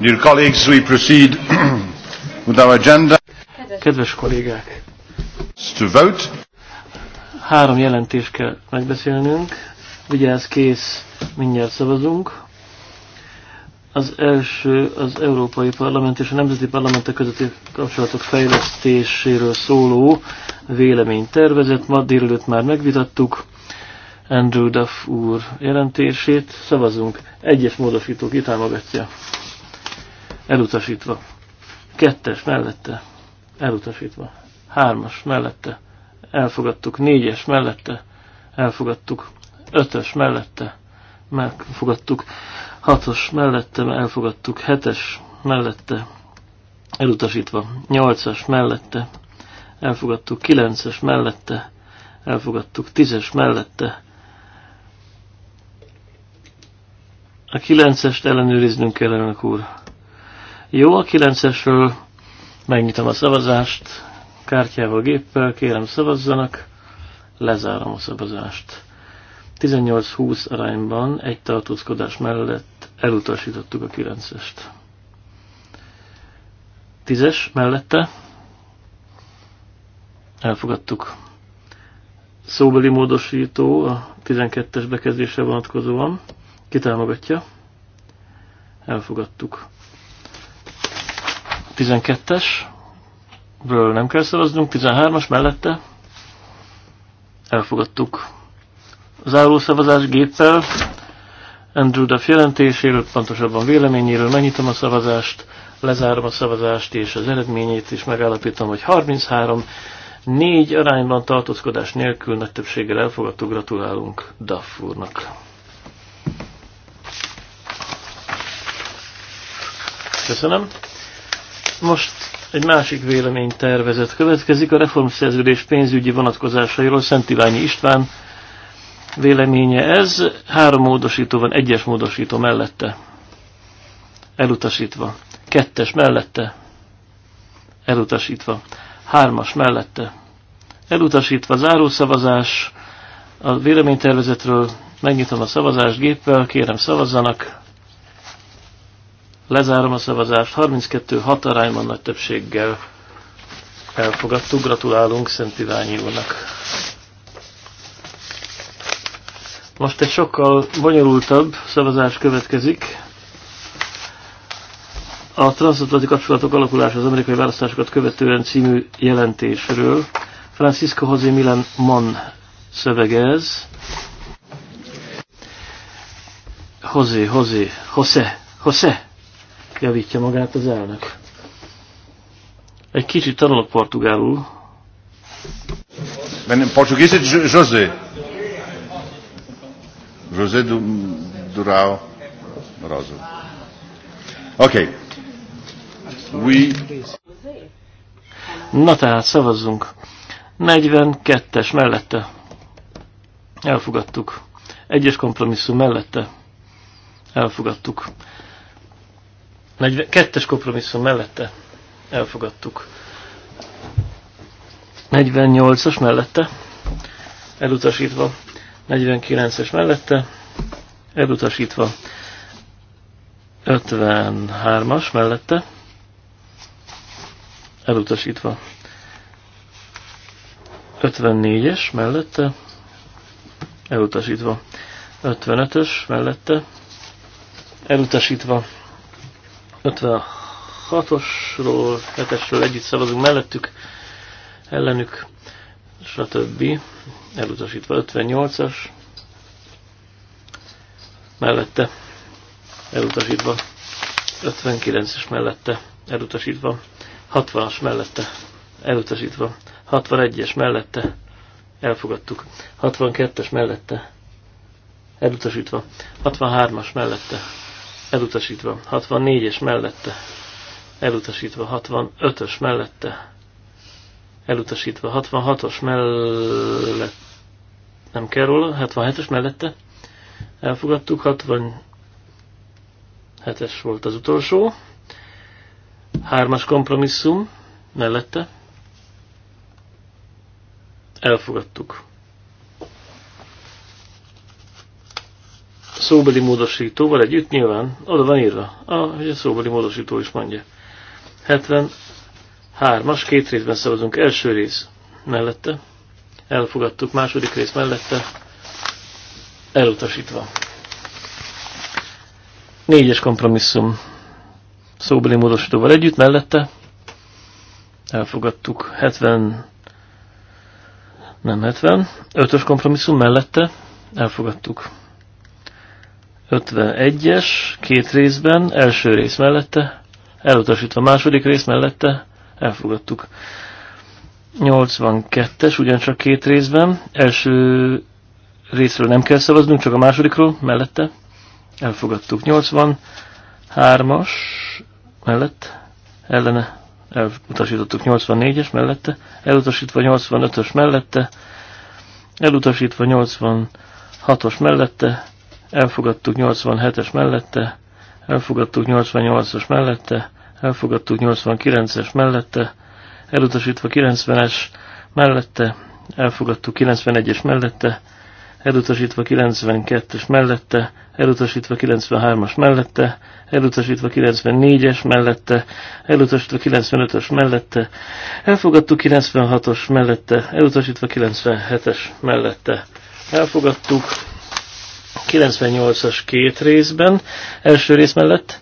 Dear colleagues, we proceed with our agenda. Kedves kollégák! To vote. Három jelentés kell megbeszélnünk. Vigyázz, kész, mindjárt szavazunk. Az első az Európai Parlament és a Nemzeti Parlamentek közötti kapcsolatok fejlesztéséről szóló véleménytervezet. Ma délelőtt már megvitattuk Andrew Duff úr jelentését. Szavazunk. Egyes módosító kitámogatja elutasítva. Kettes mellette, elutasítva. Hármas mellette, elfogadtuk. Négyes mellette, elfogadtuk. Ötös mellette, elfogadtuk. Hatos mellette, elfogadtuk. Hetes mellette, elutasítva. Nyolcas mellette, elfogadtuk. Kilences mellette, elfogadtuk. Tízes mellette, a kilencest ellenőriznünk kellene úr. Jó, a 9-esről megnyitom a szavazást, kártyával, géppel, kérem szavazzanak, lezárom a szavazást. 18-20 arányban egy tartózkodás mellett elutasítottuk a 9-est. 10-es mellette elfogadtuk. Szóbeli módosító a 12-es bekezdésre vonatkozóan kitámogatja. Elfogadtuk. 12-esről nem kell szavaznunk, 13-as mellette elfogadtuk. Záró szavazás géppel Andrew Duff jelentéséről, pontosabban véleményéről megnyitom a szavazást, lezárom a szavazást és az eredményét is megállapítom, hogy 33 4 arányban tartózkodás nélkül nagy többséggel elfogadtuk, gratulálunk Duff úrnak. Köszönöm. Most egy másik vélemény tervezet következik, a reformszerződés pénzügyi vonatkozásairól Szent Iványi István véleménye ez. Három módosító van, egyes módosító mellette. Elutasítva. Kettes mellette. Elutasítva. Hármas mellette. Elutasítva zárószavazás. A véleménytervezetről megnyitom a szavazást géppel, kérem szavazzanak. Lezárom a szavazást. 32-6 arányban nagy többséggel elfogadtuk. Gratulálunk Szent Iványi úrnak. Most egy sokkal bonyolultabb szavazás következik. A transatlanti kapcsolatok alakulása az amerikai választásokat követően című jelentésről. Francisco José Milan Mon szövege ez. José, José, José, José javítja magát az elnök. Egy kicsit tanulok portugálul. Ben, portugués és José. José du, Durao Rosa. Oké. Okay. We... Na tehát, szavazzunk. 42-es mellette. Elfogadtuk. Egyes kompromisszum mellette. Elfogadtuk. 42-es kompromisszum mellette elfogadtuk. 48-as mellette elutasítva. 49-es mellette elutasítva. 53-as mellette elutasítva. 54-es mellette elutasítva. 55-ös mellette elutasítva. 56-osról, 7-esről együtt szavazunk mellettük, ellenük, stb. Elutasítva 58-as, mellette, elutasítva 59-es mellette, elutasítva 60-as mellette, elutasítva 61-es mellette, elfogadtuk 62-es mellette, elutasítva 63-as mellette, elutasítva 64-es mellette, elutasítva 65-ös mellette, elutasítva 66-os mellette, nem kell róla, 77-es mellette, elfogadtuk, 67-es volt az utolsó, hármas kompromisszum mellette, elfogadtuk. szóbeli módosítóval együtt, nyilván oda van írva, hogy a szóbeli módosító is mondja. 73-as, két részben szavazunk, első rész mellette, elfogadtuk, második rész mellette, elutasítva. Négyes kompromisszum szóbeli módosítóval együtt, mellette elfogadtuk 70, nem 70, ötös kompromisszum mellette elfogadtuk 51-es, két részben, első rész mellette, elutasítva második rész mellette, elfogadtuk. 82-es, ugyancsak két részben, első részről nem kell szavaznunk, csak a másodikról, mellette, elfogadtuk. 83-as, mellett, ellene, elutasítottuk 84-es mellette, elutasítva 85-ös mellette, elutasítva 86-os mellette, elfogadtuk 87-es mellette, elfogadtuk 88-as mellette, elfogadtuk 89-es mellette, elutasítva 90-es mellette, elfogadtuk 91-es mellette, elutasítva 92-es mellette, elutasítva 93-as mellette, elutasítva 94-es mellette, elutasítva 95-ös mellette, elfogadtuk 96-os mellette, elutasítva 97-es mellette, elfogadtuk 98-as két részben, első rész mellett,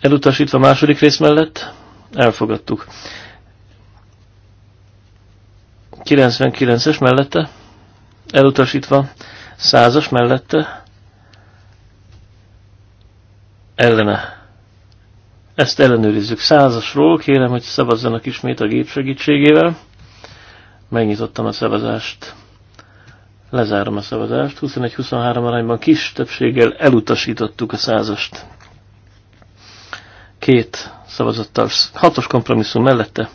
elutasítva második rész mellett, elfogadtuk. 99-es mellette, elutasítva, 100-as mellette, ellene. Ezt ellenőrizzük. Százasról kérem, hogy szavazzanak ismét a gép segítségével. Megnyitottam a szavazást. Lezárom a szavazást. 21-23 arányban kis többséggel elutasítottuk a százast. Két szavazattal, hatos kompromisszum mellette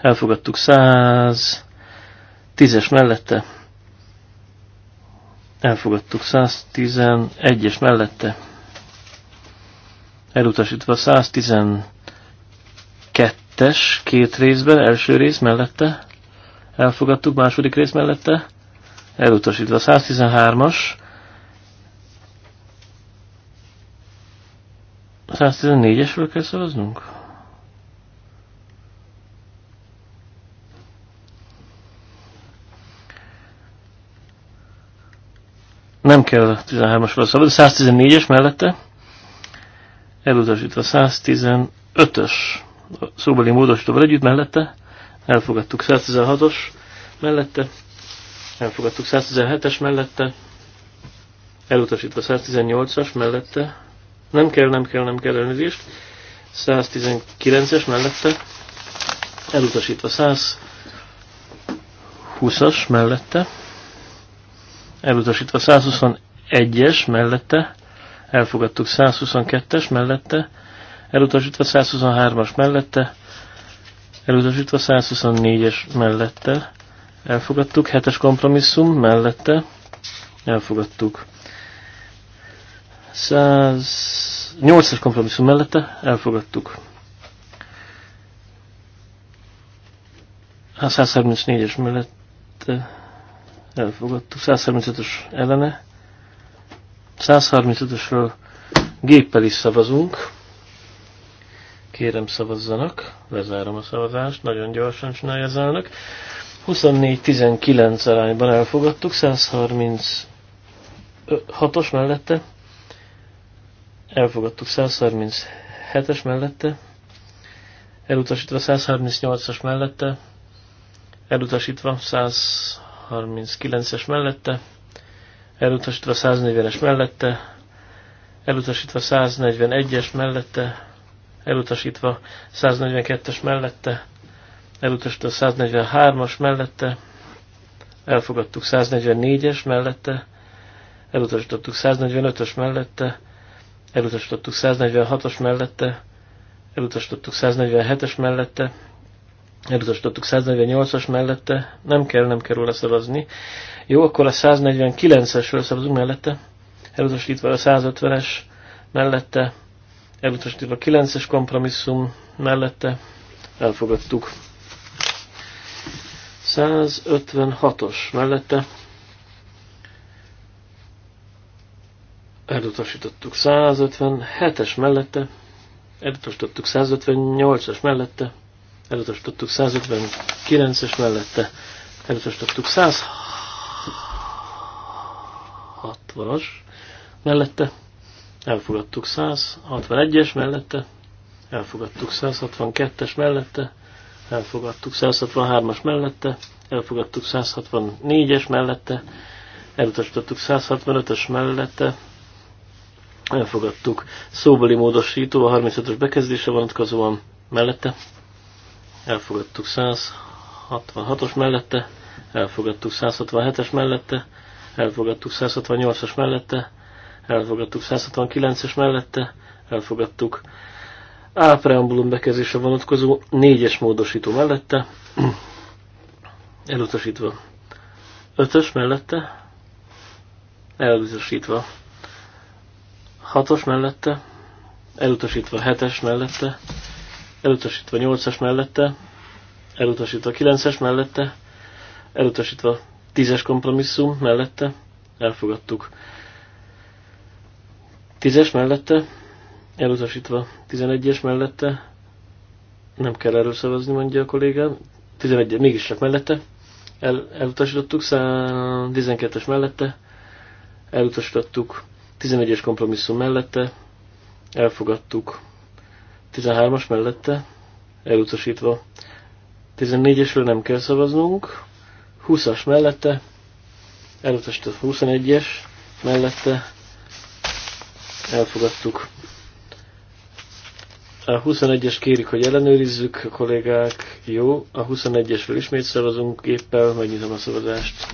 elfogadtuk 100, tízes mellette elfogadtuk száz, tizenegyes mellette elutasítva száz, tizenkettes két részben, első rész mellette elfogadtuk, második rész mellette elutasítva. 113-as, 114-esről kell szavaznunk? Nem kell 13-asról szavazni, 114-es mellette. Elutasítva 115-ös szóbeli módosítóval együtt mellette. Elfogadtuk 116-os mellette elfogadtuk 117-es mellette, elutasítva 118-as mellette, nem kell, nem kell, nem kell elnézést, 119-es mellette, elutasítva 120-as mellette, elutasítva 121-es mellette, elfogadtuk 122-es mellette, elutasítva 123-as mellette, elutasítva 124-es mellette, Elfogadtuk. Hetes kompromisszum mellette. Elfogadtuk. 108 as kompromisszum mellette. Elfogadtuk. 134-es mellette. Elfogadtuk. 135-ös ellene. 135-ösről géppel is szavazunk. Kérem szavazzanak, lezárom a szavazást, nagyon gyorsan csinálja az elnök. 24-19 arányban elfogadtuk, 136-os mellette, elfogadtuk 137-es mellette, elutasítva 138-as mellette, elutasítva 139-es mellette, elutasítva 140-es mellette, elutasítva 141-es mellette, elutasítva 142-es mellette, a 143-as mellette, elfogadtuk 144-es mellette, elutasítottuk 145-ös mellette, elutasítottuk 146-os mellette, elutasítottuk 147-es mellette, elutasítottuk 148-as mellette, nem kell, nem kell róla szavazni. Jó, akkor a 149-esről szavazunk mellette, elutasítva a 150-es mellette, elutasítva a 9-es kompromisszum mellette, elfogadtuk. 156-os mellette elutasítottuk 157-es mellette, elutasítottuk 158-as mellette, elutasítottuk 159-es mellette, elutasítottuk 160-as mellette, elfogadtuk 161-es mellette, elfogadtuk 162-es mellette, elfogadtuk 163-as mellette, elfogadtuk 164-es mellette, elutasítottuk 165-ös mellette, elfogadtuk szóbeli módosító a 35-ös bekezdése vonatkozóan mellette, elfogadtuk 166-os mellette, elfogadtuk 167-es mellette, elfogadtuk 168-as mellette, elfogadtuk 169-es mellette, elfogadtuk a preambulum bekezésre vonatkozó négyes módosító mellette, elutasítva. Ötös mellette, elutasítva. Hatos mellette, elutasítva. Hetes mellette, elutasítva. Nyolcas mellette, elutasítva. Kilences mellette, elutasítva. Tízes kompromisszum mellette, elfogadtuk. Tízes mellette, elutasítva 11-es mellette, nem kell erről szavazni, mondja a kollégám, 11 es mégis csak mellette, El, elutasítottuk, 12-es mellette, elutasítottuk, 11-es kompromisszum mellette, elfogadtuk, 13-as mellette, elutasítva, 14-esről nem kell szavaznunk, 20-as mellette, elutasított 21-es mellette, elfogadtuk, a 21-es kérik, hogy ellenőrizzük, a kollégák. Jó, a 21-esről ismét szavazunk Éppen megnyitom a szavazást.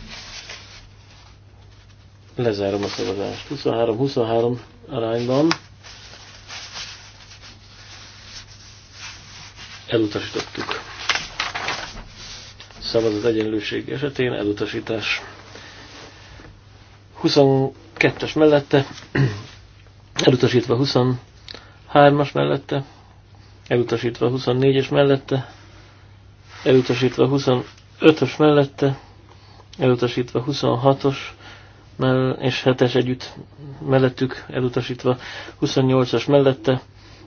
Lezárom a szavazást. 23-23 arányban. Elutasítottuk. Szavazat egyenlőség esetén elutasítás. 22-es mellette, elutasítva 23-as mellette, elutasítva 24-es mellette, elutasítva 25-ös mellette, elutasítva 26-os és 7-es együtt mellettük, elutasítva 28-as mellette,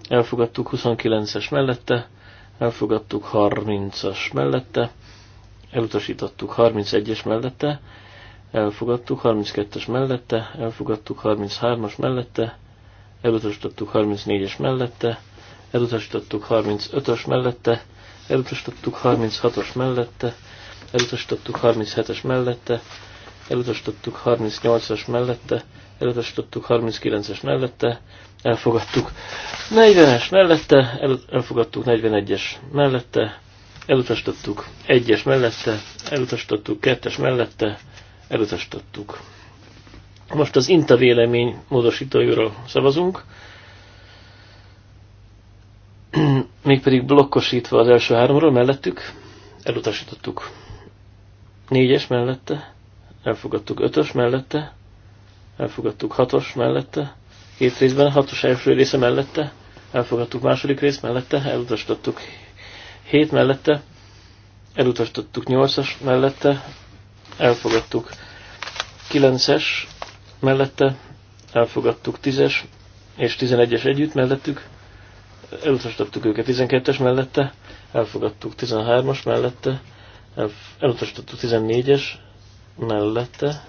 elfogadtuk 29-es mellette, elfogadtuk 30-as mellette, elutasítottuk 31-es mellette, elfogadtuk 32-es mellette, elfogadtuk 33-as mellette, elutasítottuk 34-es mellette, elutasítottuk 35-ös mellette, elutasítottuk 36-os mellette, elutasítottuk 37-es mellette, elutasítottuk 38-as mellette, elutasítottuk 39-es mellette, elfogadtuk 40-es mellette, elfogadtuk 41-es mellette, elutasítottuk 1-es mellette, elutasítottuk 2-es mellette, elutasítottuk. Most az INTA vélemény szavazunk. mégpedig blokkosítva az első háromról mellettük, elutasítottuk. Négyes mellette, elfogadtuk ötös mellette, elfogadtuk hatos mellette, két részben, hatos első része mellette, elfogadtuk második rész mellette, elutasítottuk hét mellette, elutasítottuk nyolcas mellette, elfogadtuk kilences mellette, elfogadtuk tízes és tizenegyes együtt mellettük, elutasítottuk őket 12-es mellette, elfogadtuk 13-as mellette, elutasítottuk 14-es mellette,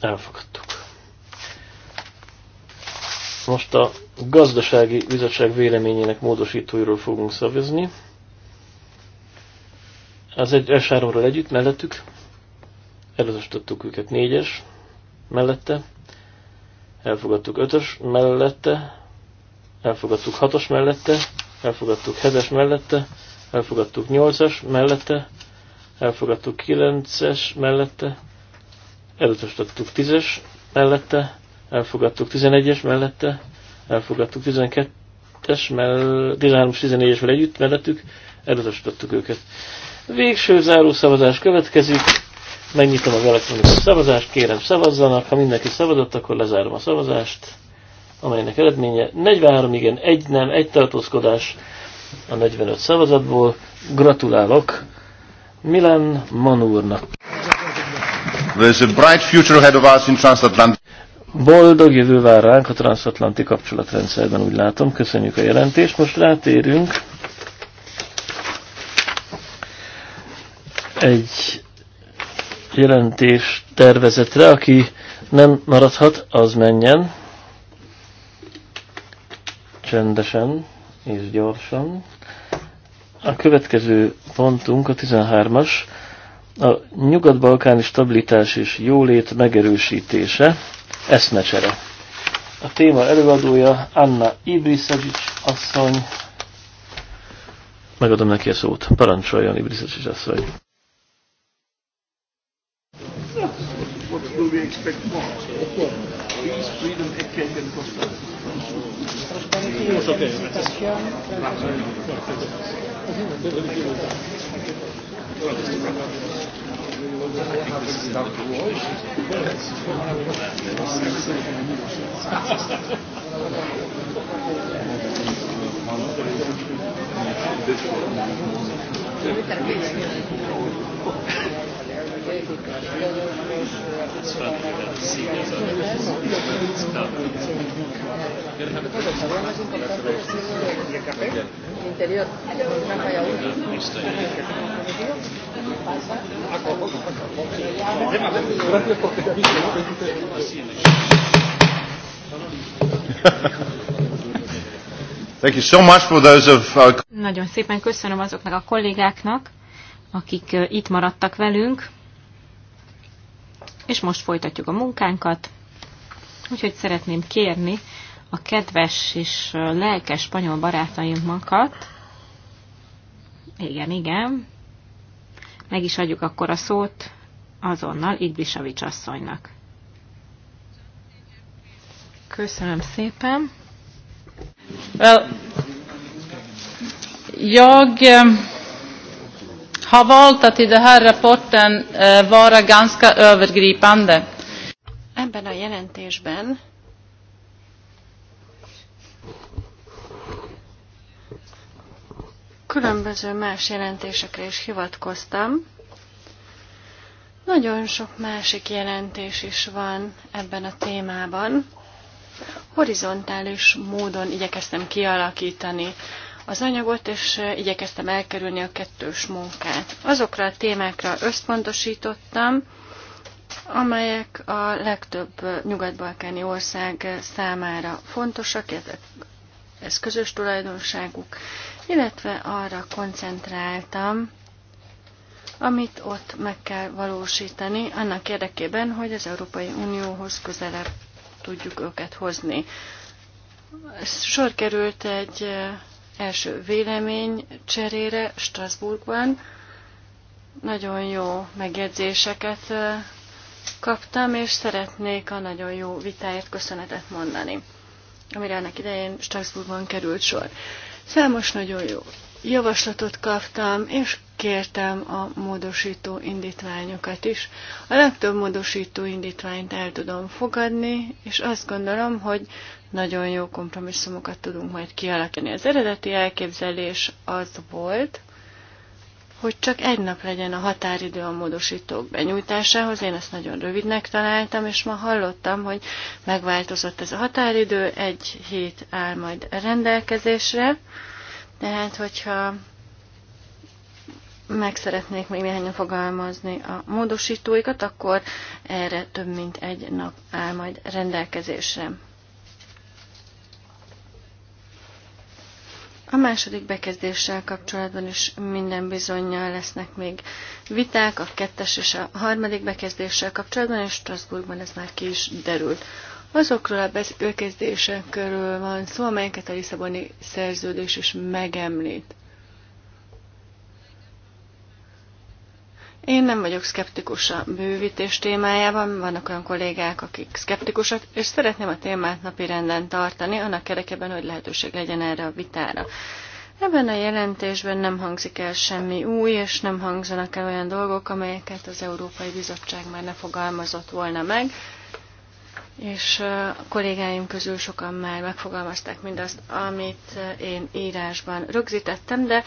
elfogadtuk. Most a gazdasági bizottság véleményének módosítóiról fogunk szavazni. Az egy S3-ról együtt, mellettük, elutasítottuk őket 4-es, mellette, elfogadtuk 5-ös mellette, elfogadtuk 6-os mellette, elfogadtuk 7-es mellette, elfogadtuk 8-as mellette, elfogadtuk 9-es mellette, elutasítottuk 10-es mellette, elfogadtuk 11-es mellette, elfogadtuk 12-es, mellette, 13 14 es együtt mellettük, elutasítottuk őket. Végső záró szavazás következik. Megnyitom az elektronikus szavazást, kérem szavazzanak, ha mindenki szavazott, akkor lezárom a szavazást, amelynek eredménye 43, igen, egy nem, egy tartózkodás a 45 szavazatból. Gratulálok Milan Manurnak. There's a bright future ahead of us in transatlantic. Boldog jövő vár ránk a transatlanti kapcsolatrendszerben, úgy látom. Köszönjük a jelentést. Most rátérünk egy jelentés tervezetre. Aki nem maradhat, az menjen. Csendesen és gyorsan. A következő pontunk, a 13-as, a nyugat-balkáni stabilitás és jólét megerősítése, eszmecsere. A téma előadója Anna Ibriszagic asszony. Megadom neki a szót. Parancsoljon Ibriszagic asszony. will we expect more? of course. Peace, freedom, cake and prosperity. Prosperity okay. Thank you. Interior. Thank you so much for those of Nagyon szépen köszönöm azoknak a kollégáknak, akik itt maradtak velünk és most folytatjuk a munkánkat. Úgyhogy szeretném kérni a kedves és lelkes spanyol barátaimakat. Igen, igen. Meg is adjuk akkor a szót azonnal Iglisavics asszonynak. Köszönöm szépen. Well, jag... Um har valt att i den här rapporten eh, vara ganska övergripande. Ebben a jelentésben különböző más jelentésekre is hivatkoztam. Nagyon sok másik jelentés is van ebben a témában. Horizontális módon igyekeztem kialakítani az anyagot, és igyekeztem elkerülni a kettős munkát. Azokra a témákra összpontosítottam, amelyek a legtöbb nyugat-balkáni ország számára fontosak, ez közös tulajdonságuk, illetve arra koncentráltam, amit ott meg kell valósítani, annak érdekében, hogy az Európai Unióhoz közelebb tudjuk őket hozni. Sor került egy első vélemény cserére Strasbourgban. Nagyon jó megjegyzéseket kaptam, és szeretnék a nagyon jó vitáért köszönetet mondani, amire ennek idején Strasbourgban került sor. Számos nagyon jó javaslatot kaptam, és kértem a módosító indítványokat is. A legtöbb módosító indítványt el tudom fogadni, és azt gondolom, hogy nagyon jó kompromisszumokat tudunk majd kialakítani. Az eredeti elképzelés az volt, hogy csak egy nap legyen a határidő a módosítók benyújtásához. Én ezt nagyon rövidnek találtam, és ma hallottam, hogy megváltozott ez a határidő, egy hét áll majd rendelkezésre. Tehát, hogyha meg szeretnék még néhányan fogalmazni a módosítóikat, akkor erre több mint egy nap áll majd rendelkezésre. A második bekezdéssel kapcsolatban is minden bizonyal lesznek még viták, a kettes és a harmadik bekezdéssel kapcsolatban, és Strasbourgban ez már ki is derült. Azokról a körül van szó, amelyeket a Lisszaboni szerződés is megemlít. Én nem vagyok szkeptikus a bővítés témájában, vannak olyan kollégák, akik szkeptikusak, és szeretném a témát napirenden tartani, annak kerekeben, hogy lehetőség legyen erre a vitára. Ebben a jelentésben nem hangzik el semmi új, és nem hangzanak el olyan dolgok, amelyeket az Európai Bizottság már ne fogalmazott volna meg, és a kollégáim közül sokan már megfogalmazták mindazt, amit én írásban rögzítettem, de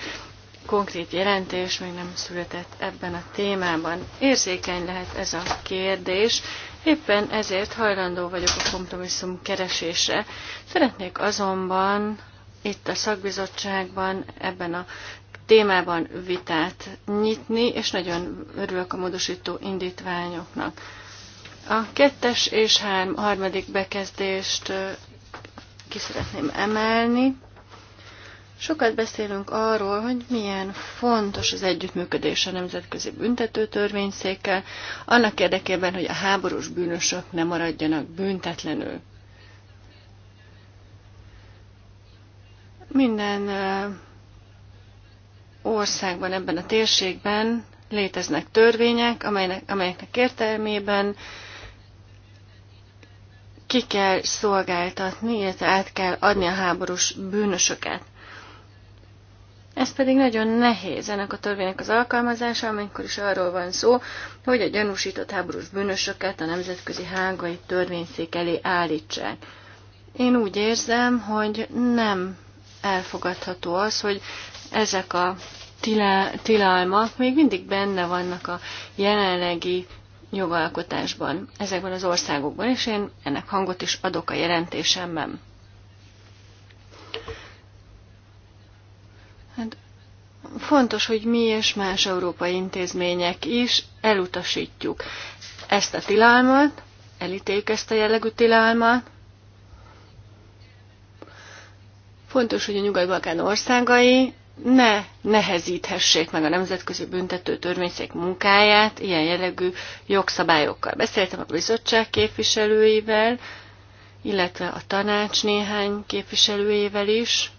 konkrét jelentés még nem született ebben a témában. Érzékeny lehet ez a kérdés, éppen ezért hajlandó vagyok a kompromisszum keresése. Szeretnék azonban itt a szakbizottságban ebben a témában vitát nyitni, és nagyon örülök a módosító indítványoknak. A kettes és hárm, harmadik bekezdést ki szeretném emelni. Sokat beszélünk arról, hogy milyen fontos az együttműködés a Nemzetközi Büntetőtörvényszékkel, annak érdekében, hogy a háborús bűnösök ne maradjanak büntetlenül. Minden országban, ebben a térségben léteznek törvények, amelynek, amelyeknek értelmében ki kell szolgáltatni, illetve át kell adni a háborús bűnösöket. Ez pedig nagyon nehéz ennek a törvénynek az alkalmazása, amikor is arról van szó, hogy a gyanúsított háborús bűnösöket a Nemzetközi Hágai Törvényszék elé állítsák. Én úgy érzem, hogy nem elfogadható az, hogy ezek a tilalmak még mindig benne vannak a jelenlegi jogalkotásban ezekben az országokban, és én ennek hangot is adok a jelentésemben. Fontos, hogy mi és más európai intézmények is elutasítjuk ezt a tilalmat, elítéljük ezt a jellegű tilalmat. Fontos, hogy a nyugat-balkán országai ne nehezíthessék meg a Nemzetközi Büntető Törvényszék munkáját ilyen jellegű jogszabályokkal. Beszéltem a bizottság képviselőivel, illetve a tanács néhány képviselőjével is.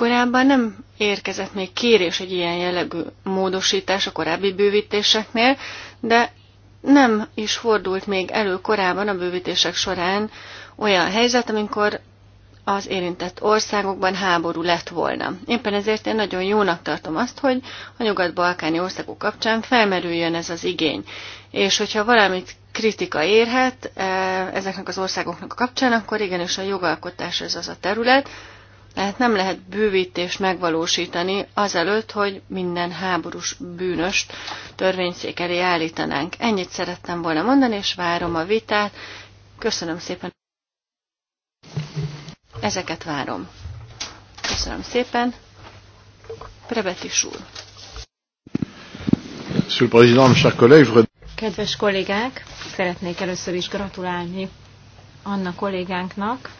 Korábban nem érkezett még kérés egy ilyen jellegű módosítás a korábbi bővítéseknél, de nem is fordult még elő korábban a bővítések során olyan helyzet, amikor az érintett országokban háború lett volna. Éppen ezért én nagyon jónak tartom azt, hogy a nyugat-balkáni országok kapcsán felmerüljön ez az igény. És hogyha valamit kritika érhet eh, ezeknek az országoknak a kapcsán, akkor igenis a jogalkotás ez az a terület, tehát nem lehet bővítést megvalósítani azelőtt, hogy minden háborús bűnöst törvényszék elé állítanánk. Ennyit szerettem volna mondani, és várom a vitát. Köszönöm szépen. Ezeket várom. Köszönöm szépen. Prebetis úr. Kedves kollégák, szeretnék először is gratulálni Anna kollégánknak,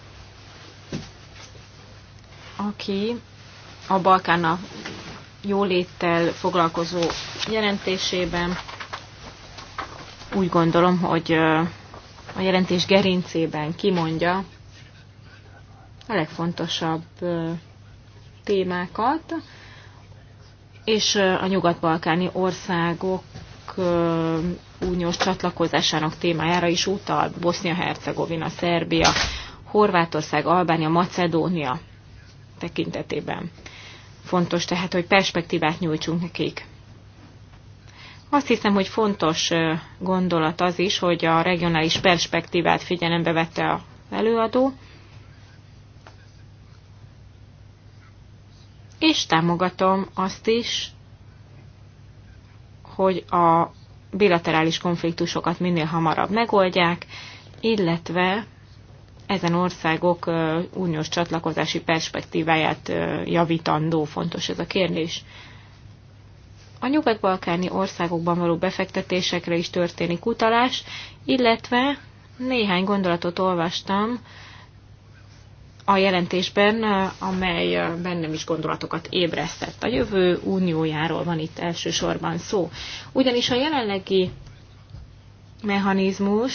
aki a Balkán a jóléttel foglalkozó jelentésében úgy gondolom, hogy a jelentés gerincében kimondja a legfontosabb témákat, és a nyugat-balkáni országok uniós csatlakozásának témájára is utal Bosznia-Hercegovina, Szerbia, Horvátország, Albánia, Macedónia tekintetében. Fontos tehát, hogy perspektívát nyújtsunk nekik. Azt hiszem, hogy fontos gondolat az is, hogy a regionális perspektívát figyelembe vette a előadó, és támogatom azt is, hogy a bilaterális konfliktusokat minél hamarabb megoldják, illetve ezen országok uniós csatlakozási perspektíváját javítandó fontos ez a kérdés. A nyugat-balkáni országokban való befektetésekre is történik utalás, illetve néhány gondolatot olvastam a jelentésben, amely bennem is gondolatokat ébresztett. A jövő uniójáról van itt elsősorban szó. Ugyanis a jelenlegi mechanizmus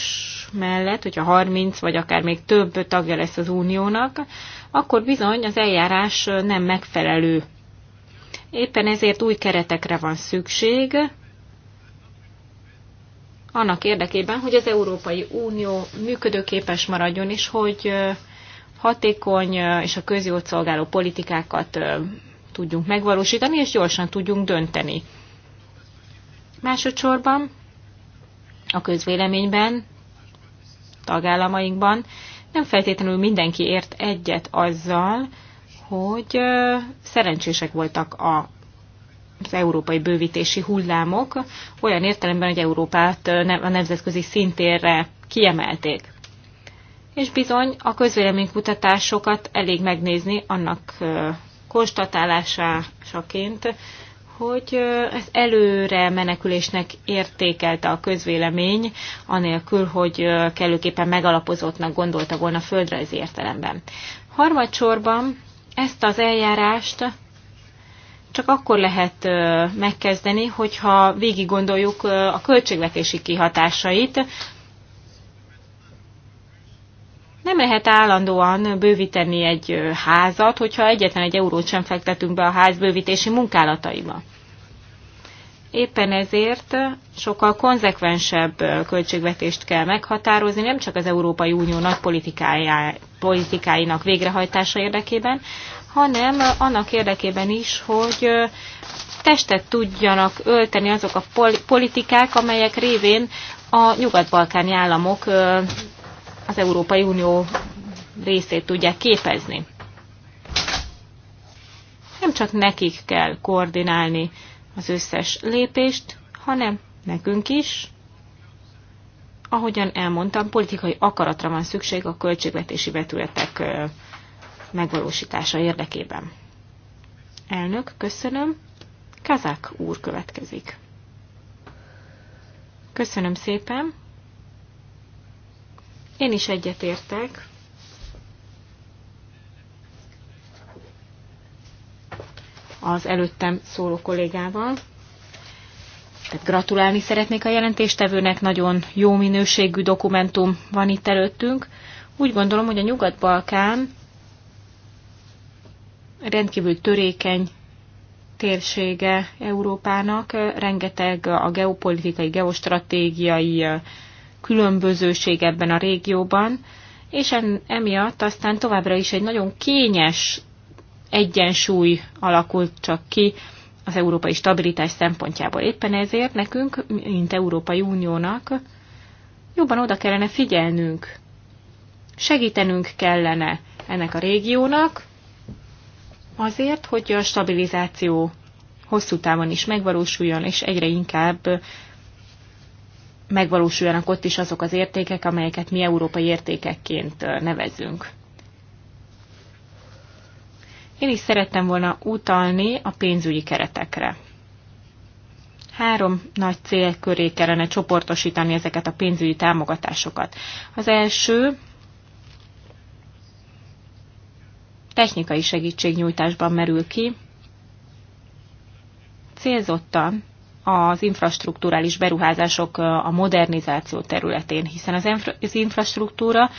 mellett, hogyha 30 vagy akár még több tagja lesz az uniónak, akkor bizony az eljárás nem megfelelő. Éppen ezért új keretekre van szükség, annak érdekében, hogy az Európai Unió működőképes maradjon, és hogy hatékony és a közjót szolgáló politikákat tudjunk megvalósítani, és gyorsan tudjunk dönteni. Másodszorban a közvéleményben, tagállamainkban. Nem feltétlenül mindenki ért egyet azzal, hogy szerencsések voltak a az európai bővítési hullámok, olyan értelemben, hogy Európát a nemzetközi szintérre kiemelték. És bizony a közvéleménykutatásokat elég megnézni annak konstatálásaként, hogy ez előre menekülésnek értékelte a közvélemény, anélkül, hogy kellőképpen megalapozottnak gondolta volna földrajzi értelemben. Harmadsorban ezt az eljárást csak akkor lehet megkezdeni, hogyha végig gondoljuk a költségvetési kihatásait nem lehet állandóan bővíteni egy házat, hogyha egyetlen egy eurót sem fektetünk be a ház bővítési munkálataiba. Éppen ezért sokkal konzekvensebb költségvetést kell meghatározni, nem csak az Európai Unió nagy politikáinak végrehajtása érdekében, hanem annak érdekében is, hogy testet tudjanak ölteni azok a politikák, amelyek révén a nyugat-balkáni államok az Európai Unió részét tudják képezni. Nem csak nekik kell koordinálni az összes lépést, hanem nekünk is. Ahogyan elmondtam, politikai akaratra van szükség a költségvetési vetületek megvalósítása érdekében. Elnök, köszönöm. Kazák úr következik. Köszönöm szépen. Én is egyetértek. az előttem szóló kollégával. Tehát gratulálni szeretnék a jelentéstevőnek, nagyon jó minőségű dokumentum van itt előttünk. Úgy gondolom, hogy a Nyugat-Balkán rendkívül törékeny térsége Európának, rengeteg a geopolitikai, geostratégiai különbözőség ebben a régióban, és emiatt aztán továbbra is egy nagyon kényes egyensúly alakult csak ki az európai stabilitás szempontjából. Éppen ezért nekünk, mint Európai Uniónak, jobban oda kellene figyelnünk, segítenünk kellene ennek a régiónak, azért, hogy a stabilizáció hosszú távon is megvalósuljon, és egyre inkább megvalósuljanak ott is azok az értékek, amelyeket mi európai értékekként nevezünk. Én is szerettem volna utalni a pénzügyi keretekre. Három nagy cél köré kellene csoportosítani ezeket a pénzügyi támogatásokat. Az első technikai segítségnyújtásban merül ki, célzottan az infrastruktúrális beruházások a modernizáció területén, hiszen az infrastruktúra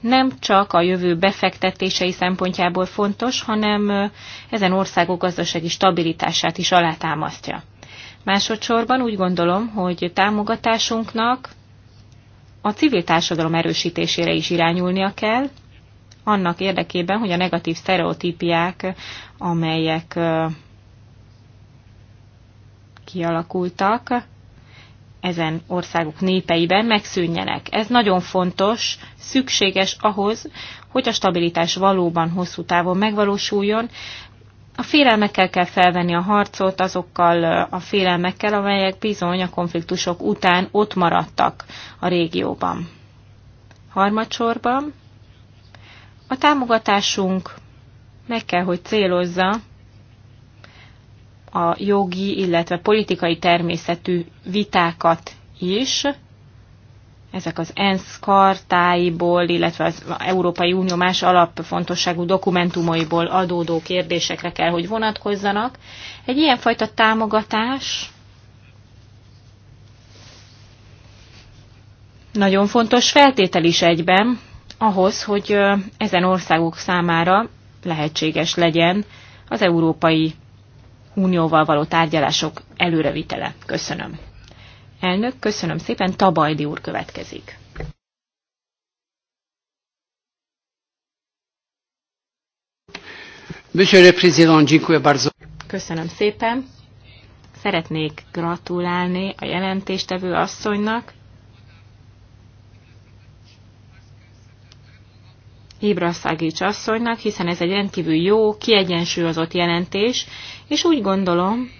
nem csak a jövő befektetései szempontjából fontos, hanem ezen országok gazdasági stabilitását is alátámasztja. Másodszorban úgy gondolom, hogy támogatásunknak a civil társadalom erősítésére is irányulnia kell, annak érdekében, hogy a negatív sztereotípiák, amelyek kialakultak ezen országok népeiben megszűnjenek. Ez nagyon fontos, szükséges ahhoz, hogy a stabilitás valóban hosszú távon megvalósuljon. A félelmekkel kell felvenni a harcot, azokkal a félelmekkel, amelyek bizony a konfliktusok után ott maradtak a régióban. Harmadsorban a támogatásunk meg kell, hogy célozza a jogi, illetve politikai természetű vitákat is. Ezek az ENSZ kartáiból, illetve az Európai Unió más alapfontosságú dokumentumaiból adódó kérdésekre kell, hogy vonatkozzanak. Egy ilyenfajta támogatás nagyon fontos feltétel is egyben ahhoz, hogy ezen országok számára lehetséges legyen az európai Unióval való tárgyalások előrevitele. Köszönöm. Elnök, köszönöm szépen. Tabajdi úr következik. Köszönöm szépen. Szeretnék gratulálni a jelentéstevő asszonynak Ibraszagics asszonynak, hiszen ez egy rendkívül jó, kiegyensúlyozott jelentés, és úgy gondolom,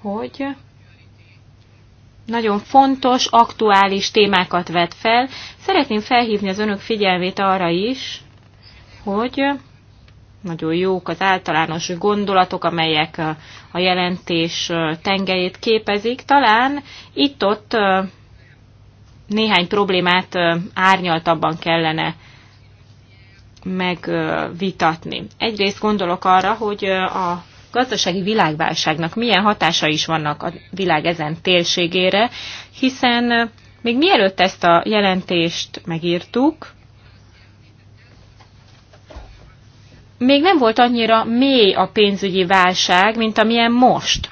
hogy nagyon fontos, aktuális témákat vet fel. Szeretném felhívni az önök figyelmét arra is, hogy nagyon jók az általános gondolatok, amelyek a jelentés tengelyét képezik. Talán itt-ott néhány problémát árnyaltabban kellene megvitatni. Egyrészt gondolok arra, hogy a gazdasági világválságnak milyen hatása is vannak a világ ezen térségére, hiszen még mielőtt ezt a jelentést megírtuk, még nem volt annyira mély a pénzügyi válság, mint amilyen most.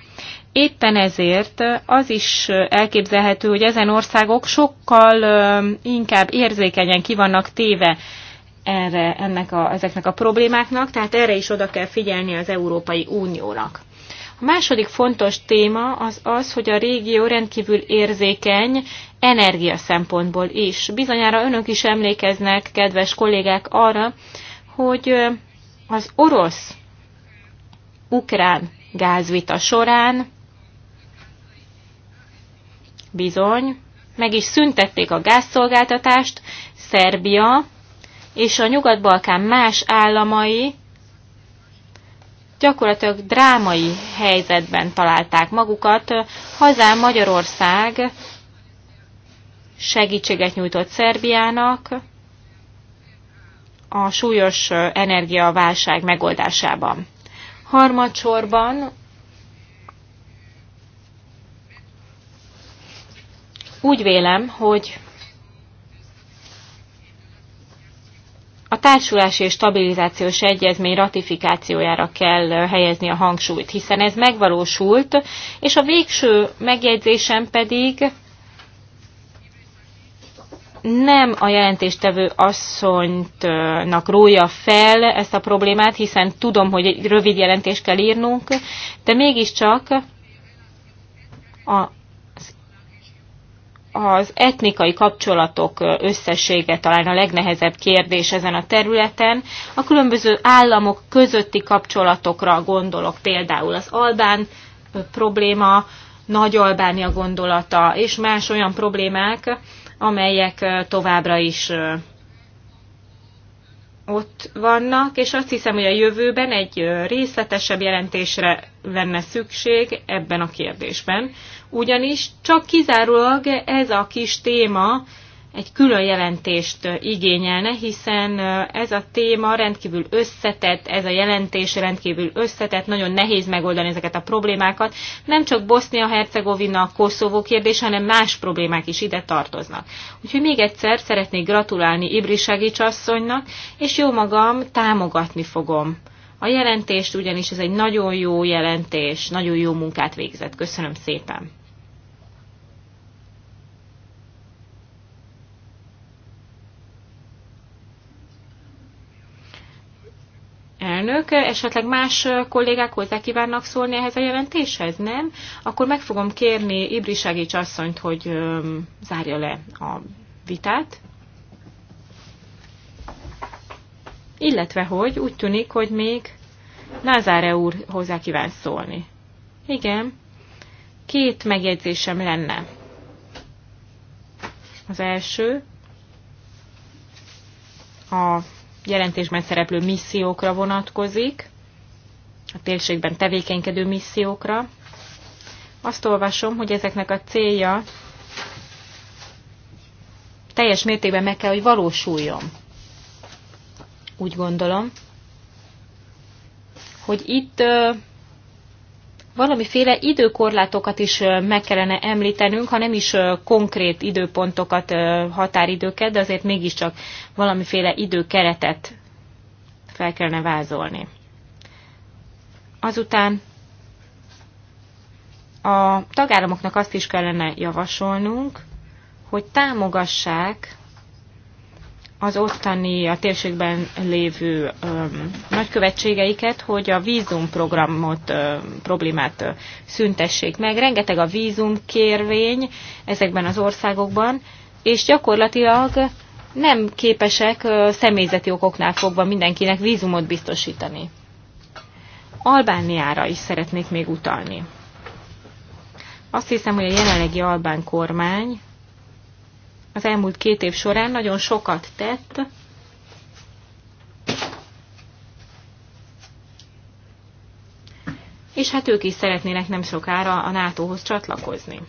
Éppen ezért az is elképzelhető, hogy ezen országok sokkal inkább érzékenyen kivannak téve erre, ennek a, ezeknek a problémáknak, tehát erre is oda kell figyelni az Európai Uniónak. A második fontos téma az az, hogy a régió rendkívül érzékeny energia szempontból is. Bizonyára önök is emlékeznek, kedves kollégák, arra, hogy az orosz-ukrán gázvita során Bizony, meg is szüntették a gázszolgáltatást, Szerbia és a Nyugat-Balkán más államai gyakorlatilag drámai helyzetben találták magukat. Hazán Magyarország segítséget nyújtott Szerbiának a súlyos energiaválság megoldásában. Harmadsorban Úgy vélem, hogy a társulási és stabilizációs egyezmény ratifikációjára kell helyezni a hangsúlyt, hiszen ez megvalósult, és a végső megjegyzésem pedig nem a jelentéstevő asszonynak rója fel ezt a problémát, hiszen tudom, hogy egy rövid jelentést kell írnunk, de mégiscsak a az etnikai kapcsolatok összessége talán a legnehezebb kérdés ezen a területen. A különböző államok közötti kapcsolatokra gondolok például az albán probléma, Nagy-Albánia gondolata és más olyan problémák, amelyek továbbra is ott vannak, és azt hiszem, hogy a jövőben egy részletesebb jelentésre lenne szükség ebben a kérdésben ugyanis csak kizárólag ez a kis téma egy külön jelentést igényelne, hiszen ez a téma rendkívül összetett, ez a jelentés rendkívül összetett, nagyon nehéz megoldani ezeket a problémákat. Nem csak Bosznia-Hercegovina, Koszovó kérdés, hanem más problémák is ide tartoznak. Úgyhogy még egyszer szeretnék gratulálni Ibriságics asszonynak, és jó magam támogatni fogom a jelentést, ugyanis ez egy nagyon jó jelentés, nagyon jó munkát végzett. Köszönöm szépen! elnök, esetleg más kollégák hozzá kívánnak szólni ehhez a jelentéshez, nem? Akkor meg fogom kérni Ibrisági asszonyt, hogy zárja le a vitát. Illetve, hogy úgy tűnik, hogy még Názáre úr hozzá kíván szólni. Igen, két megjegyzésem lenne. Az első a jelentésben szereplő missziókra vonatkozik, a térségben tevékenykedő missziókra. Azt olvasom, hogy ezeknek a célja teljes mértékben meg kell, hogy valósuljon úgy gondolom, hogy itt valamiféle időkorlátokat is meg kellene említenünk, ha nem is konkrét időpontokat, határidőket, de azért mégiscsak valamiféle időkeretet fel kellene vázolni. Azután a tagállamoknak azt is kellene javasolnunk, hogy támogassák az ottani, a térségben lévő öm, nagykövetségeiket, hogy a vízumprogramot, problémát ö, szüntessék meg. Rengeteg a vízumkérvény ezekben az országokban, és gyakorlatilag nem képesek ö, személyzeti okoknál fogva mindenkinek vízumot biztosítani. Albániára is szeretnék még utalni. Azt hiszem, hogy a jelenlegi albán kormány az elmúlt két év során nagyon sokat tett, és hát ők is szeretnének nem sokára a NATO-hoz csatlakozni.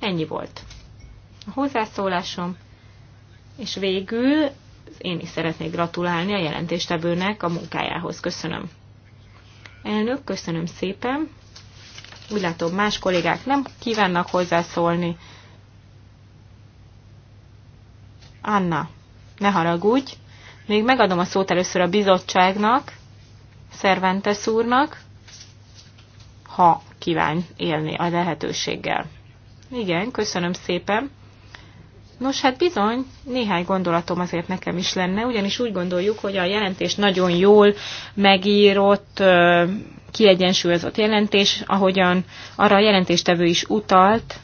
Ennyi volt a hozzászólásom, és végül én is szeretnék gratulálni a jelentéstevőnek a munkájához. Köszönöm. Elnök, köszönöm szépen. Úgy látom, más kollégák nem kívánnak hozzászólni. Anna, ne haragudj, még megadom a szót először a bizottságnak, Szerventes úrnak, ha kíván élni a lehetőséggel. Igen, köszönöm szépen. Nos, hát bizony, néhány gondolatom azért nekem is lenne, ugyanis úgy gondoljuk, hogy a jelentés nagyon jól megírott, kiegyensúlyozott jelentés, ahogyan arra a jelentéstevő is utalt,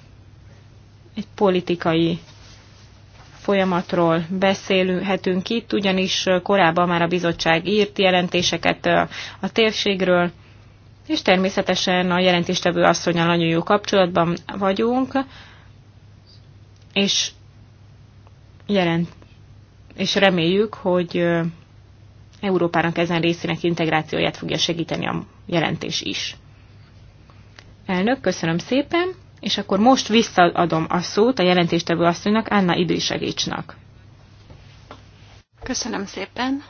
egy politikai folyamatról beszélhetünk itt, ugyanis korábban már a bizottság írt jelentéseket a térségről, és természetesen a jelentéstevő asszonyal nagyon jó kapcsolatban vagyunk, és, jelent, és reméljük, hogy Európának ezen részének integrációját fogja segíteni a jelentés is. Elnök, köszönöm szépen! És akkor most visszaadom a szót a jelentéstevő asszonynak, Anna idősegítsnak. Köszönöm szépen.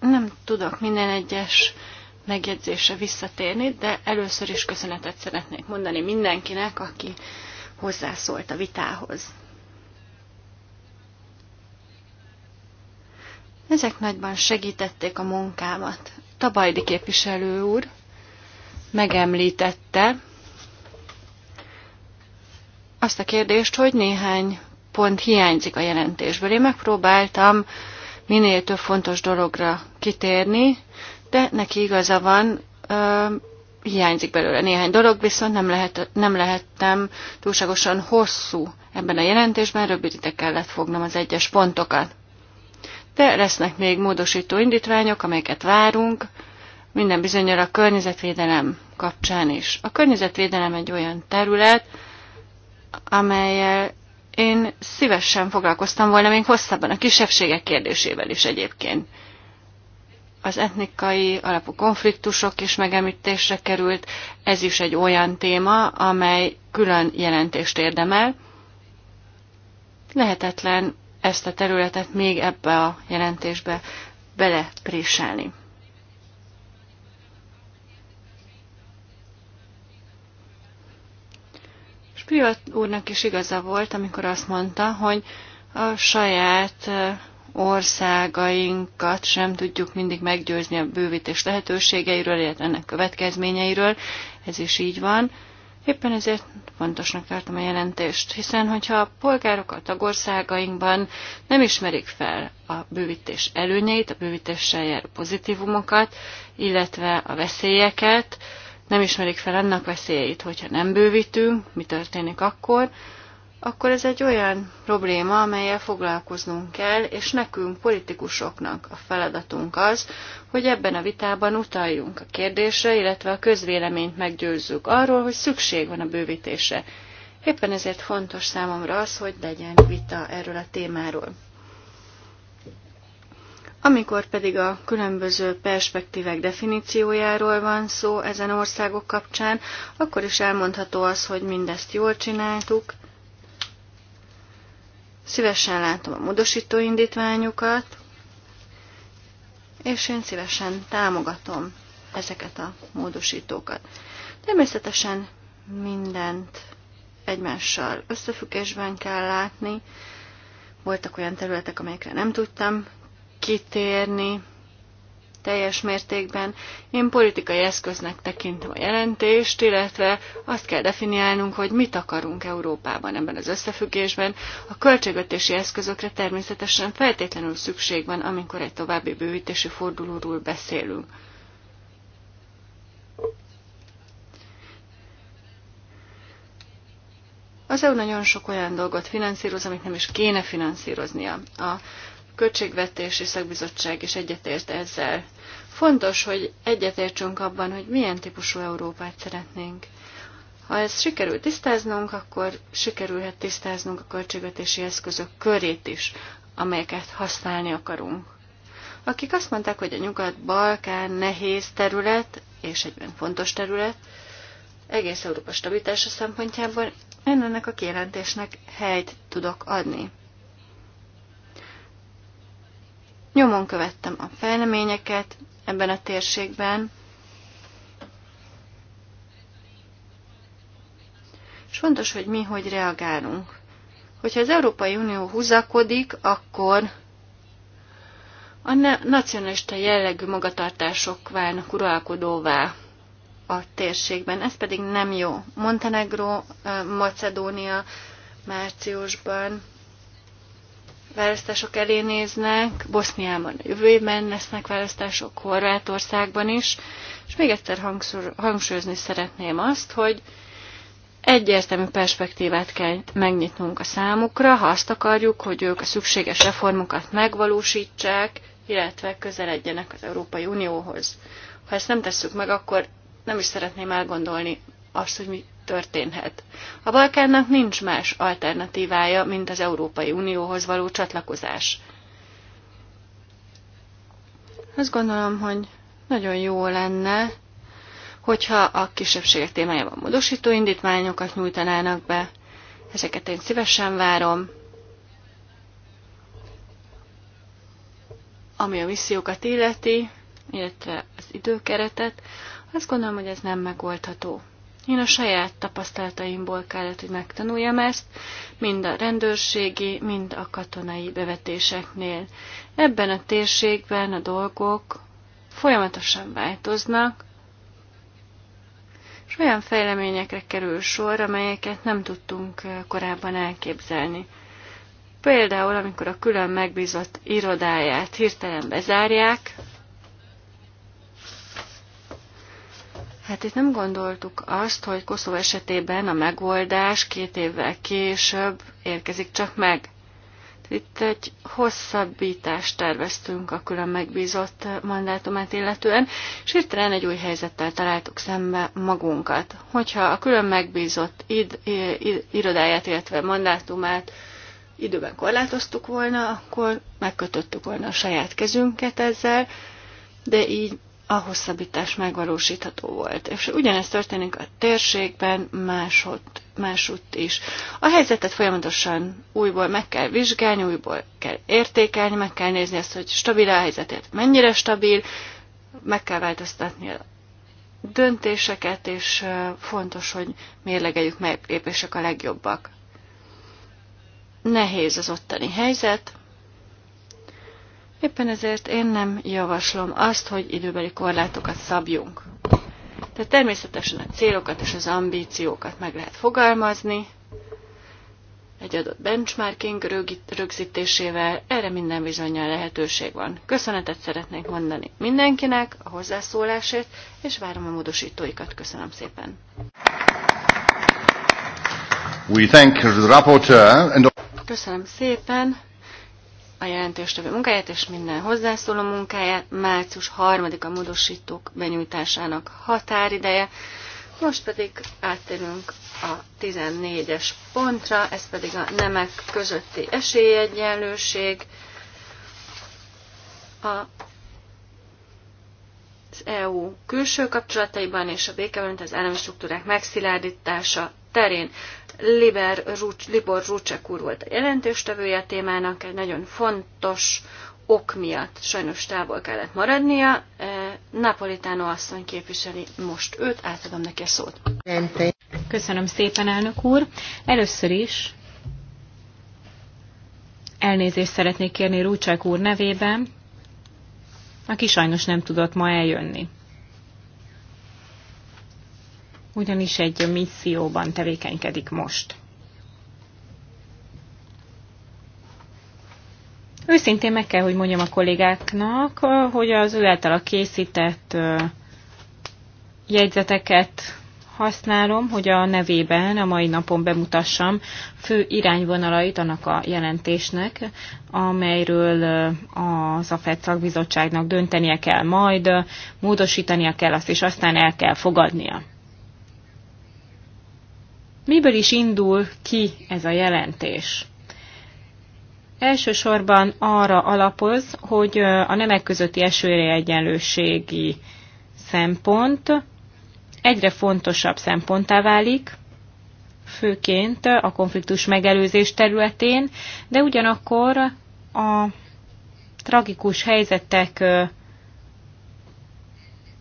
Nem tudok minden egyes megjegyzésre visszatérni, de először is köszönetet szeretnék mondani mindenkinek, aki hozzászólt a vitához. Ezek nagyban segítették a munkámat. Tabajdi képviselő úr megemlítette azt a kérdést, hogy néhány pont hiányzik a jelentésből. Én megpróbáltam minél több fontos dologra kitérni, de neki igaza van, ö, hiányzik belőle néhány dolog, viszont nem, lehet, nem lehettem túlságosan hosszú ebben a jelentésben, rövidítek kellett fognom az egyes pontokat de lesznek még módosító indítványok, amelyeket várunk, minden bizonyal a környezetvédelem kapcsán is. A környezetvédelem egy olyan terület, amelyel én szívesen foglalkoztam volna még hosszabban a kisebbségek kérdésével is egyébként. Az etnikai alapú konfliktusok is megemlítésre került, ez is egy olyan téma, amely külön jelentést érdemel. Lehetetlen ezt a területet még ebbe a jelentésbe belepréselni. Privat úrnak is igaza volt, amikor azt mondta, hogy a saját országainkat sem tudjuk mindig meggyőzni a bővítés lehetőségeiről, illetve ennek következményeiről. Ez is így van. Éppen ezért fontosnak tartom a jelentést, hiszen hogyha a polgárok a tagországainkban nem ismerik fel a bővítés előnyeit, a bővítéssel járó pozitívumokat, illetve a veszélyeket, nem ismerik fel annak veszélyeit, hogyha nem bővítünk, mi történik akkor, akkor ez egy olyan probléma, amelyel foglalkoznunk kell, és nekünk, politikusoknak a feladatunk az, hogy ebben a vitában utaljunk a kérdésre, illetve a közvéleményt meggyőzzük arról, hogy szükség van a bővítésre. Éppen ezért fontos számomra az, hogy legyen vita erről a témáról. Amikor pedig a különböző perspektívek definíciójáról van szó ezen országok kapcsán, akkor is elmondható az, hogy mindezt jól csináltuk, Szívesen látom a módosító indítványukat, és én szívesen támogatom ezeket a módosítókat. Természetesen mindent egymással összefüggésben kell látni. Voltak olyan területek, amelyekre nem tudtam kitérni, teljes mértékben. Én politikai eszköznek tekintem a jelentést, illetve azt kell definiálnunk, hogy mit akarunk Európában ebben az összefüggésben. A költségvetési eszközökre természetesen feltétlenül szükség van, amikor egy további bővítési fordulóról beszélünk. Az EU nagyon sok olyan dolgot finanszíroz, amit nem is kéne finanszíroznia. A költségvetési szakbizottság is egyetért ezzel. Fontos, hogy egyetértsünk abban, hogy milyen típusú Európát szeretnénk. Ha ezt sikerül tisztáznunk, akkor sikerülhet tisztáznunk a költségvetési eszközök körét is, amelyeket használni akarunk. Akik azt mondták, hogy a Nyugat-Balkán nehéz terület, és egyben fontos terület, egész Európa stabilitása szempontjából én ennek a kijelentésnek helyt tudok adni. Nyomon követtem a fejleményeket ebben a térségben, és fontos, hogy mi hogy reagálunk. Hogyha az Európai Unió húzakodik, akkor a nacionalista jellegű magatartások válnak uralkodóvá a térségben. Ez pedig nem jó. Montenegro, eh, Macedónia márciusban választások elé néznek, Boszniában a jövő évben lesznek választások, Horvátországban is, és még egyszer hangsúlyozni szeretném azt, hogy egyértelmű perspektívát kell megnyitnunk a számukra, ha azt akarjuk, hogy ők a szükséges reformokat megvalósítsák, illetve közeledjenek az Európai Unióhoz. Ha ezt nem tesszük meg, akkor nem is szeretném elgondolni azt, hogy mi történhet. A Balkánnak nincs más alternatívája, mint az Európai Unióhoz való csatlakozás. Azt gondolom, hogy nagyon jó lenne, hogyha a kisebbségek témájában módosító indítványokat nyújtanának be. Ezeket én szívesen várom. Ami a missziókat illeti, illetve az időkeretet, azt gondolom, hogy ez nem megoldható. Én a saját tapasztalataimból kellett, hogy megtanuljam ezt, mind a rendőrségi, mind a katonai bevetéseknél. Ebben a térségben a dolgok folyamatosan változnak, és olyan fejleményekre kerül sor, amelyeket nem tudtunk eh, korábban elképzelni. Például, amikor a külön megbízott irodáját hirtelen bezárják, Hát itt nem gondoltuk azt, hogy Koszov esetében a megoldás két évvel később érkezik csak meg. Itt egy hosszabbítást terveztünk a külön megbízott mandátumát illetően, és hirtelen egy új helyzettel találtuk szembe magunkat. Hogyha a külön megbízott id, id, irodáját, illetve mandátumát időben korlátoztuk volna, akkor megkötöttük volna a saját kezünket ezzel, de így a hosszabbítás megvalósítható volt. És ugyanezt történik a térségben, másod, másutt is. A helyzetet folyamatosan újból meg kell vizsgálni, újból kell értékelni, meg kell nézni azt, hogy stabil a helyzetet, mennyire stabil, meg kell változtatni a döntéseket, és fontos, hogy mérlegeljük, melyek lépések a legjobbak. Nehéz az ottani helyzet, Éppen ezért én nem javaslom azt, hogy időbeli korlátokat szabjunk. Tehát természetesen a célokat és az ambíciókat meg lehet fogalmazni, egy adott benchmarking rögzítésével erre minden bizonyal lehetőség van. Köszönetet szeretnék mondani mindenkinek a hozzászólásért, és várom a módosítóikat. Köszönöm szépen. We thank the rapporteur and... Köszönöm szépen a jelentéstevő munkáját és minden hozzászóló munkáját. Március 3-a módosítók benyújtásának határideje. Most pedig áttérünk a 14-es pontra, ez pedig a nemek közötti esélyegyenlőség. A az EU külső kapcsolataiban és a békevelőnt az állami struktúrák megszilárdítása terén. Liber, Rucs, Libor Rucsek úr volt a jelentéstevője a témának, egy nagyon fontos ok miatt sajnos távol kellett maradnia. E, Napolitánó asszony képviseli most őt, átadom neki a szót. Köszönöm szépen, elnök úr. Először is elnézést szeretnék kérni Rúcsák úr nevében, aki sajnos nem tudott ma eljönni ugyanis egy misszióban tevékenykedik most. Őszintén meg kell, hogy mondjam a kollégáknak, hogy az ő a készített jegyzeteket használom, hogy a nevében a mai napon bemutassam fő irányvonalait annak a jelentésnek, amelyről az AFED szakbizottságnak döntenie kell majd, módosítania kell azt, és aztán el kell fogadnia. Miből is indul ki ez a jelentés? Elsősorban arra alapoz, hogy a nemek közötti esőre egyenlőségi szempont egyre fontosabb szemponttá válik, főként a konfliktus megelőzés területén, de ugyanakkor a tragikus helyzetek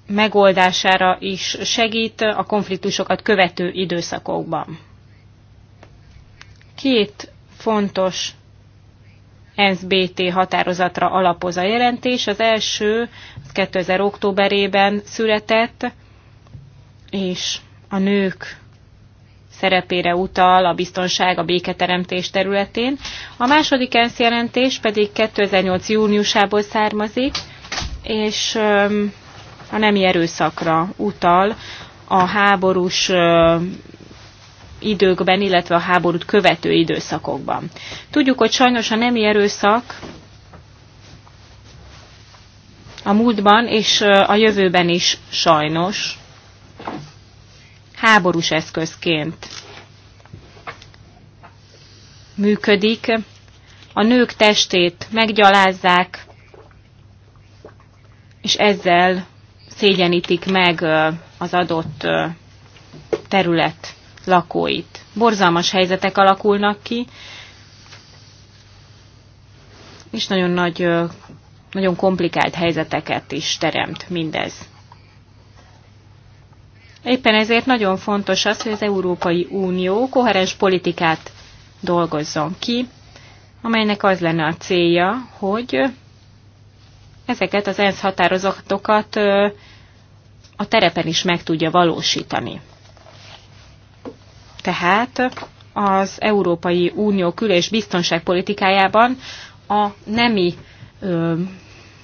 megoldására is segít a konfliktusokat követő időszakokban. Két fontos NSBT határozatra alapoz a jelentés. Az első 2000 októberében született, és a nők szerepére utal a biztonság a béketeremtés területén. A második ENSZ jelentés pedig 2008. júniusából származik, és a nemi erőszakra utal a háborús időkben, illetve a háborút követő időszakokban. Tudjuk, hogy sajnos a nemi erőszak a múltban és a jövőben is sajnos háborús eszközként működik. A nők testét meggyalázzák, és ezzel szégyenítik meg az adott terület lakóit. Borzalmas helyzetek alakulnak ki, és nagyon nagy, nagyon komplikált helyzeteket is teremt mindez. Éppen ezért nagyon fontos az, hogy az Európai Unió koherens politikát dolgozzon ki, amelynek az lenne a célja, hogy ezeket az ENSZ határozatokat a terepen is meg tudja valósítani. Tehát az Európai Unió kül- és biztonságpolitikájában a nemi ö,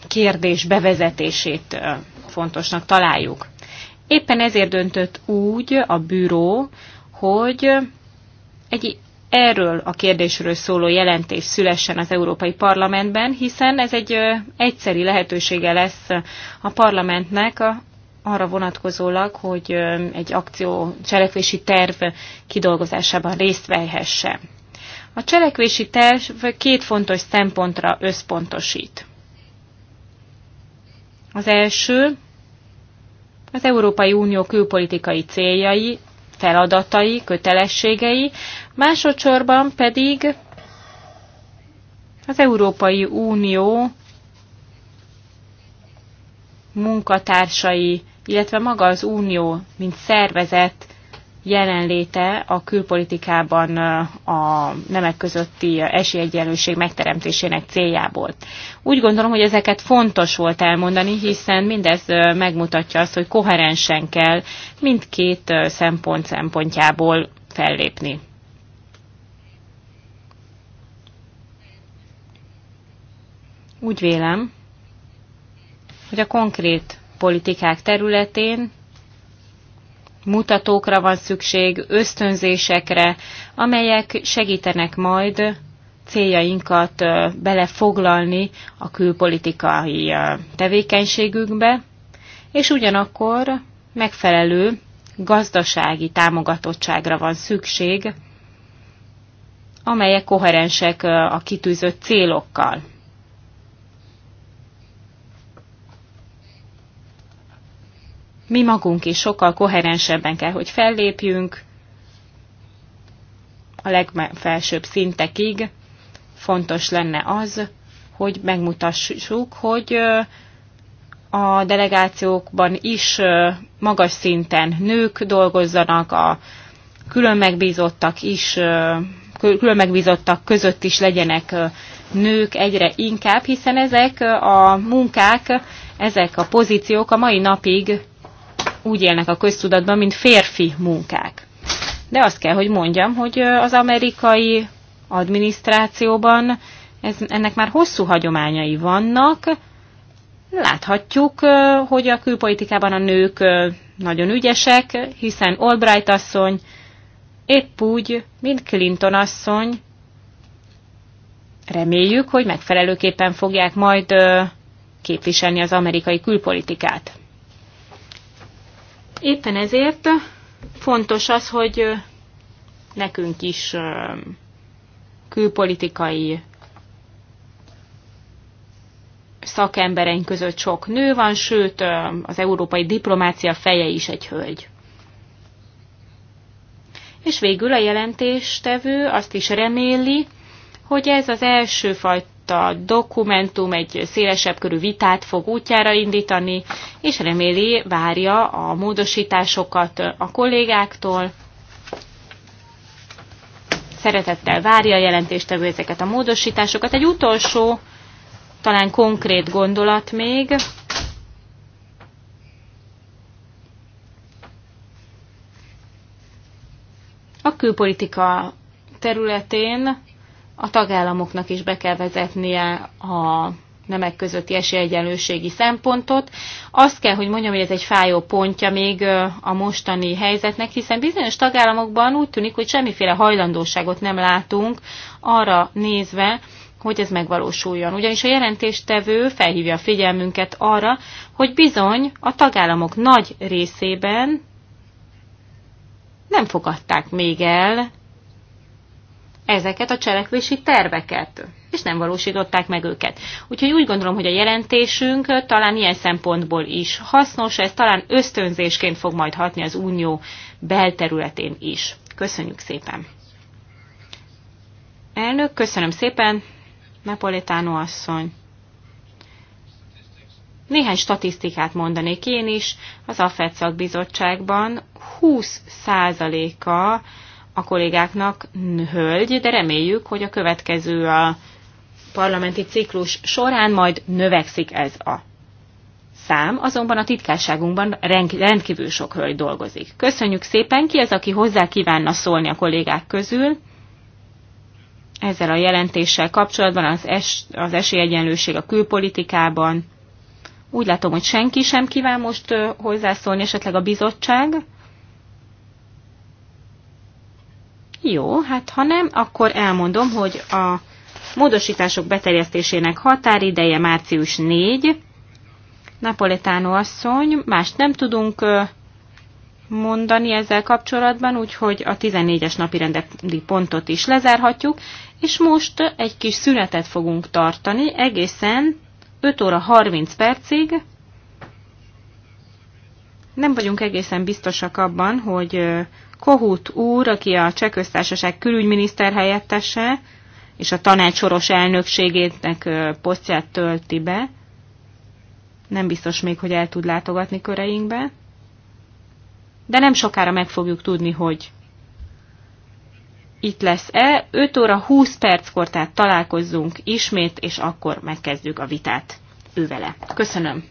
kérdés bevezetését ö, fontosnak találjuk. Éppen ezért döntött úgy a bűró, hogy egy erről a kérdésről szóló jelentés szülessen az Európai Parlamentben, hiszen ez egy egyszeri lehetősége lesz a parlamentnek arra vonatkozólag, hogy egy akció cselekvési terv kidolgozásában részt vehesse. A cselekvési terv két fontos szempontra összpontosít. Az első az Európai Unió külpolitikai céljai, feladatai, kötelességei, másodszorban pedig az Európai Unió munkatársai illetve maga az Unió, mint szervezet jelenléte a külpolitikában a nemek közötti esélyegyenlőség megteremtésének céljából. Úgy gondolom, hogy ezeket fontos volt elmondani, hiszen mindez megmutatja azt, hogy koherensen kell mindkét szempont szempontjából fellépni. Úgy vélem, hogy a konkrét politikák területén mutatókra van szükség, ösztönzésekre, amelyek segítenek majd céljainkat belefoglalni a külpolitikai tevékenységünkbe, és ugyanakkor megfelelő gazdasági támogatottságra van szükség, amelyek koherensek a kitűzött célokkal. mi magunk is sokkal koherensebben kell, hogy fellépjünk a legfelsőbb szintekig. Fontos lenne az, hogy megmutassuk, hogy a delegációkban is magas szinten nők dolgozzanak, a külön megbízottak is, külön megbízottak között is legyenek nők egyre inkább, hiszen ezek a munkák, ezek a pozíciók a mai napig úgy élnek a köztudatban, mint férfi munkák. De azt kell, hogy mondjam, hogy az amerikai adminisztrációban ez, ennek már hosszú hagyományai vannak. Láthatjuk, hogy a külpolitikában a nők nagyon ügyesek, hiszen Albright asszony épp úgy, mint Clinton asszony, reméljük, hogy megfelelőképpen fogják majd képviselni az amerikai külpolitikát. Éppen ezért fontos az, hogy nekünk is külpolitikai szakembereink között sok nő van, sőt az európai diplomácia feje is egy hölgy. És végül a jelentéstevő azt is reméli, hogy ez az első fajt, itt a dokumentum egy szélesebb körű vitát fog útjára indítani, és reméli, várja a módosításokat a kollégáktól. Szeretettel várja a jelentéstevő ezeket a módosításokat. Egy utolsó, talán konkrét gondolat még. A külpolitika területén a tagállamoknak is be kell vezetnie a nemek közötti esélyegyenlőségi szempontot. Azt kell, hogy mondjam, hogy ez egy fájó pontja még a mostani helyzetnek, hiszen bizonyos tagállamokban úgy tűnik, hogy semmiféle hajlandóságot nem látunk arra nézve, hogy ez megvalósuljon. Ugyanis a jelentéstevő felhívja a figyelmünket arra, hogy bizony a tagállamok nagy részében nem fogadták még el ezeket a cselekvési terveket, és nem valósították meg őket. Úgyhogy úgy gondolom, hogy a jelentésünk talán ilyen szempontból is hasznos, ez talán ösztönzésként fog majd hatni az unió belterületén is. Köszönjük szépen! Elnök, köszönöm szépen, Napolitánó asszony! Néhány statisztikát mondanék én is. Az AFED szakbizottságban 20%-a a kollégáknak hölgy, de reméljük, hogy a következő a parlamenti ciklus során majd növekszik ez a szám, azonban a titkárságunkban rendkívül sok hölgy dolgozik. Köszönjük szépen, ki az, aki hozzá kívánna szólni a kollégák közül. Ezzel a jelentéssel kapcsolatban az, es, az esélyegyenlőség a külpolitikában. Úgy látom, hogy senki sem kíván most hozzászólni, esetleg a bizottság. Jó, hát ha nem, akkor elmondom, hogy a módosítások beterjesztésének határideje március 4. Napoletánó asszony, mást nem tudunk mondani ezzel kapcsolatban, úgyhogy a 14-es napi rendeli pontot is lezárhatjuk, és most egy kis szünetet fogunk tartani egészen 5 óra 30 percig, nem vagyunk egészen biztosak abban, hogy Kohut úr, aki a Cseh Köztársaság külügyminiszter helyettese, és a tanács soros elnökségének posztját tölti be, nem biztos még, hogy el tud látogatni köreinkbe, de nem sokára meg fogjuk tudni, hogy itt lesz-e. 5 óra 20 perckor, tehát találkozzunk ismét, és akkor megkezdjük a vitát ővele. Köszönöm!